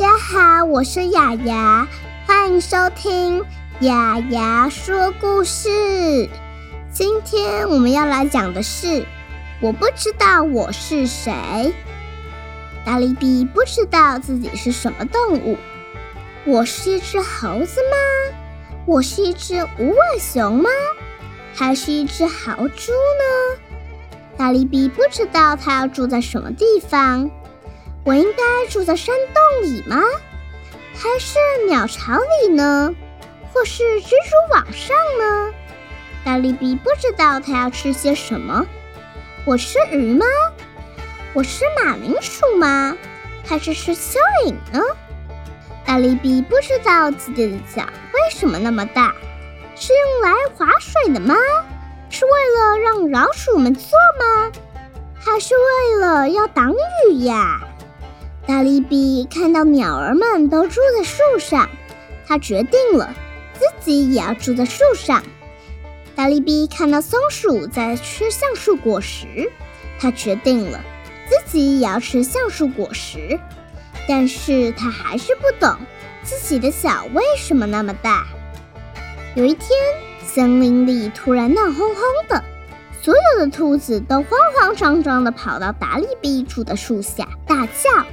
大家好，我是亞亞，歡迎收聽亞亞說故事。今天我們要來講的是：我不知道我是誰。達利 B 不知道自己是什麼動物。我是一隻猴子嗎？我是一隻無尾熊嗎？還是一隻豪豬呢？達利 B 不知道他要住在什麼地方。我應該住在山洞裡嗎？還是鳥巢裡呢？或是蜘蛛網上呢？達利 B 不知道它要吃些什麼。我吃魚嗎？我吃馬鈴薯嗎？還是吃蚯蚓呢？達利 B 不知道自己的腳為什麼那麼大，是用來划水的嗎？是為了讓老鼠們坐嗎？還是為了要擋雨呀？達利比看到鳥兒們都住在樹上，他決定了自己也要住在樹上。達利比看到松鼠在吃橡樹果實，他決定了自己也要吃橡樹果實。但是他還是不懂自己的腳為什麼那麼大。有一天，森林裡突然鬧哄哄的，所有的兔子都慌慌張張地跑到達利比住的樹下大叫。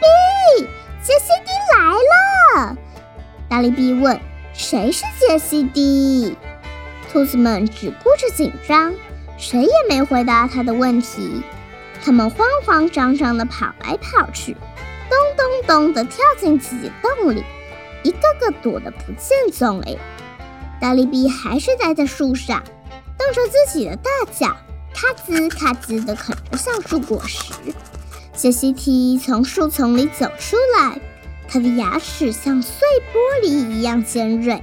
B，潔西 D 來了。達利 B 問：“誰是潔西 D？” 兔子們只顧着緊張，誰也沒回答他的問題。他們慌慌張張地跑來跑去，咚咚咚地跳進自己洞裡，一個個躲得不見蹤影，哎。達利 B 還是呆在樹上，瞪着自己的大腳，咔茲咔茲地啃着橡樹果實。潔西 D 從樹叢裡走出來，它的牙齒像碎玻璃一樣尖銳，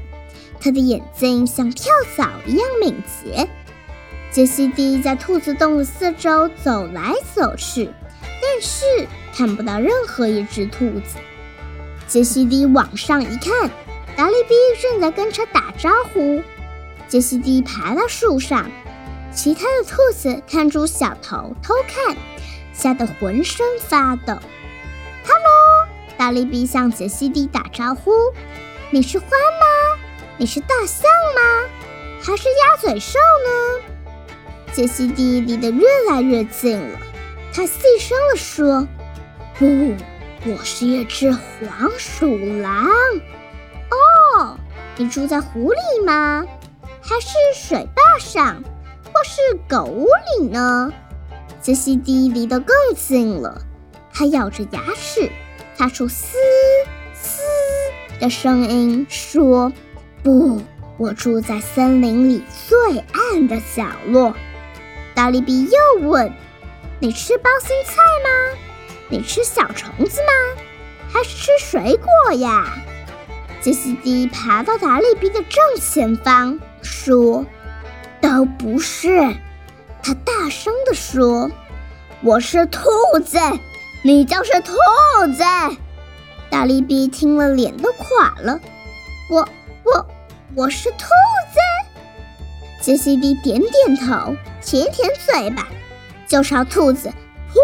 它的眼睛像跳蚤一樣敏捷。潔西 D 在兔子洞的四周走來走去，但是看不到任何一隻兔子。潔西 D 往上一看，達利 B 正在跟他打招呼。潔西 D 爬到樹上，其他的兔子探出小頭偷看。嚇得渾身發抖。哈嘍，達利 B 向潔西 D 打招呼。你是花嗎？你是大象嗎？還是鴨嘴獸呢？潔西 D 離得越來越近了，他細聲地說：“不、哦，我是一隻黃鼠狼。哦，你住在湖裡嗎？還是水壩上，或是狗屋裡呢？”潔西 D 離得更近了，它咬着牙齒，發出嘶嘶的聲音，說：“不，我住在森林裡最暗的角落。”達利 B 又問：“你吃包心菜嗎？你吃小蟲子嗎？還是吃水果呀？”潔西 D 爬到達利 B 的正前方，說：“都不是。”他大聲地說：“我是兔子，你就是兔子。”達利 B 聽了，臉都垮了。我我我是兔子。潔西 D 點點頭，舔舔嘴巴，就朝兔子撲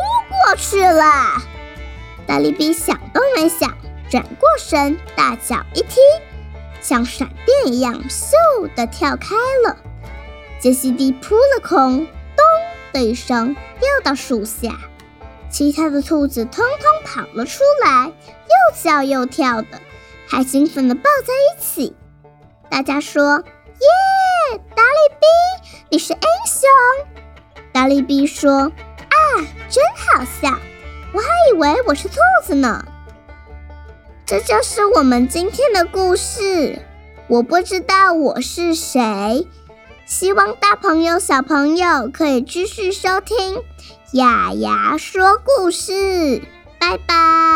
過去了。達利 B 想都沒想，轉過身，大腳一踢，像閃電一樣，嗖的跳開了。潔西 D 撲了空。的一聲，掉到樹下，其他的兔子通通跑了出來，又叫又跳的，還興奮地抱在一起。大家說：“耶，達利 B，你是英雄。”達利 B 說：“啊，真好笑，我還以為我是兔子呢。”這就是我們今天的故事。我不知道我是誰。希望大朋友、小朋友可以繼續收聽亞亞說故事，拜拜。